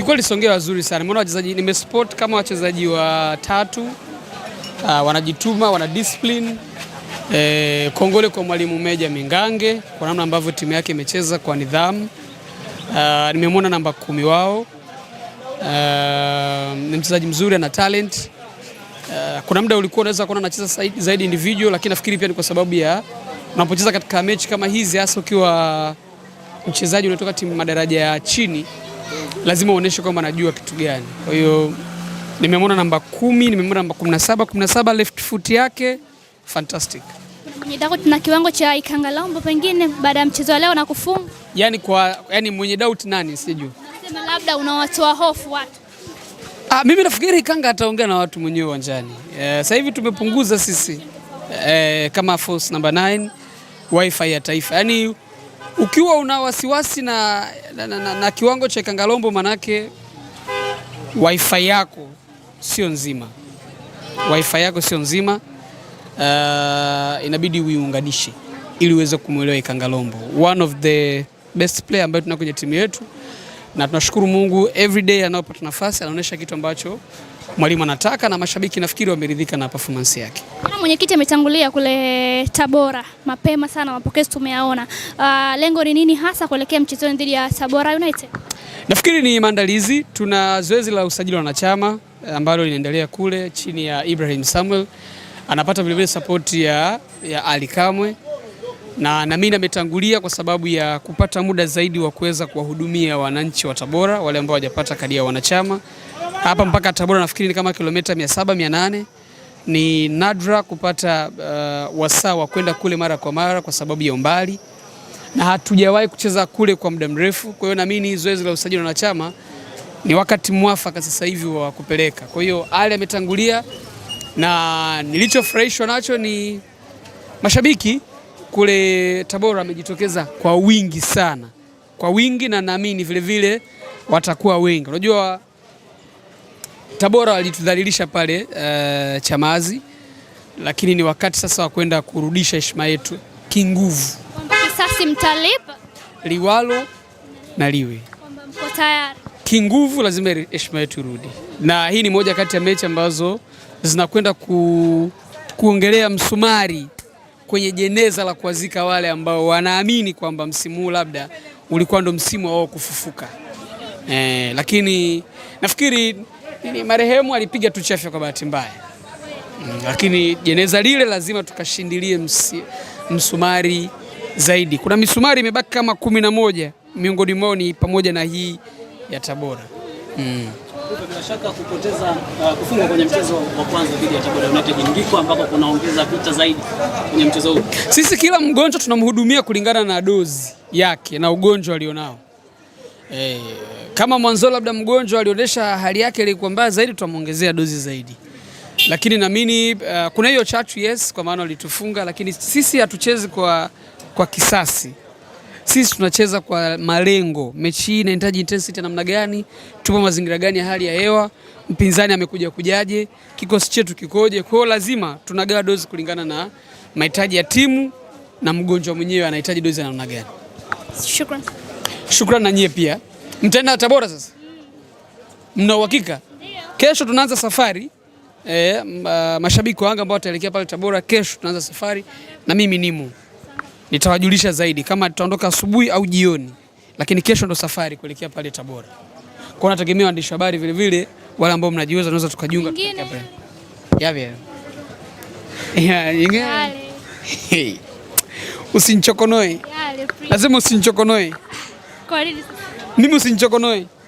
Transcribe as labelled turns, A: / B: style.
A: Kikweli Songea wazuri sana, nimeona wachezaji, nimespot kama wachezaji wa tatu uh, wanajituma, wana discipline eh, kongole kwa mwalimu Meja Mingange kwa namna ambavyo timu yake imecheza kwa nidhamu uh, nimemwona namba kumi wao uh, ni mchezaji mzuri, ana talent uh, kuna muda ulikuwa unaweza kuona anacheza zaidi individual, lakini nafikiri pia ni kwa sababu ya unapocheza katika mechi kama hizi, hasa ukiwa mchezaji unatoka timu madaraja ya chini lazima uoneshe kwamba najua kitu gani. Kwa hiyo nimemwona namba kumi, nimemwona namba 17, 17 left foot yake fantastic.
B: Mwenye doubt na kiwango cha Ikanga Lombo pengine baada ya mchezo wa leo na kufunga.
A: Yaani kwa yani mwenye doubt nani sijui.
B: Nasema labda unawatoa hofu watu.
A: Ah, mimi nafikiri Ikanga ataongea na watu mwenyewe uwanjani. Eh, sasa hivi tumepunguza sisi eh, kama force number 9 wifi ya taifa. Yaani ukiwa una wasiwasi na, na, na, na, na kiwango cha Ikangalombo, manake wifi yako sio nzima, wifi yako sio nzima. Uh, inabidi uiunganishe ili uweze kumwelewa Ikangalombo, one of the best player ambayo tuna kwenye timu yetu na tunashukuru Mungu day anapopata nafasi anaonyesha kitu ambacho mwalimu anataka na mashabiki nafikiri wameridhika na performance yake.
B: Mwenyekiti ametangulia kule Tabora mapema sana, mapokezi tumeyaona. Uh, lengo ni nini hasa kuelekea mchezoni dhidi ya Tabora United?
A: Nafikiri ni maandalizi, tuna zoezi la usajili wa wanachama eh, ambalo linaendelea kule chini ya Ibrahim Samuel, anapata vilevile sapoti ya, ya Ali Kamwe na nami nimetangulia kwa sababu ya kupata muda zaidi wa kuweza kuwahudumia wananchi wa Tabora wale ambao hawajapata kadi ya wanachama. Hapa mpaka Tabora nafikiri ni kama kilomita 700 800. Ni nadra kupata uh, wasaa wa kwenda kule mara kwa mara kwa sababu ya umbali na hatujawahi kucheza kule kwa muda mrefu. Kwa hiyo naamini zoezi la usajili wa wanachama ni wakati mwafaka sasa hivi wa kupeleka. Kwa hiyo Ali ametangulia, na nilichofurahishwa nacho ni mashabiki kule Tabora amejitokeza kwa wingi sana, kwa wingi na naamini vile vile watakuwa wengi. Unajua Tabora walitudhalilisha pale uh, Chamazi, lakini ni wakati sasa wa kwenda kurudisha heshima yetu kinguvu.
B: mtalipa
A: liwalo na liwe kinguvu, lazima heshima yetu irudi, na hii ni moja kati ya mechi ambazo zinakwenda ku, kuongelea msumari kwenye jeneza la kuwazika wale ambao wanaamini kwamba msimu huu labda ulikuwa ndo msimu wao kufufuka. Eh, lakini nafikiri nini, marehemu alipiga tu chafya kwa bahati mbaya mm, lakini jeneza lile lazima tukashindilie msi, msumari zaidi. Kuna misumari imebaki kama kumi na moja, miongoni mwao ni pamoja na hii ya Tabora.
C: Bila shaka kupoteza uh, kufungwa kwenye mchezo wa kwanza dhidi ya United ambako kunaongeza zaidi kwenye mchezo huu.
A: Sisi kila mgonjwa tunamhudumia kulingana na dozi yake na ugonjwa alionao. Eh, kama mwanzo labda mgonjwa alionyesha hali yake ilikuwa mbaya zaidi, tutamwongezea dozi zaidi, lakini naamini uh, kuna hiyo chachu yes, kwa maana walitufunga, lakini sisi hatuchezi kwa, kwa kisasi sisi tunacheza kwa malengo. Mechi hii inahitaji intensity ya namna gani? Tupo mazingira gani ya hali ya hewa? Mpinzani amekuja kujaje? Kikosi chetu kikoje? Kwa hiyo lazima tunagawa dozi kulingana na mahitaji ya timu na mgonjwa mwenyewe anahitaji dozi ya namna gani. Shukrani. Shukrani na nyie pia. Mtaenda Tabora sasa? Mna uhakika? Kesho tunaanza safari e, mashabiki wa Yanga ambao wataelekea pale Tabora kesho tunaanza safari na mimi nimo nitawajulisha zaidi kama tutaondoka asubuhi au jioni, lakini kesho ndo safari kuelekea pale Tabora. Kwa hiyo nategemea waandishi habari vile vile wale ambao mnajiweza, tunaweza tukajiunga pale. Yapi? Yeah, Usinichokonoe. Lazima usinchokonoe. Kwa nini? Mimi usinchokonoe.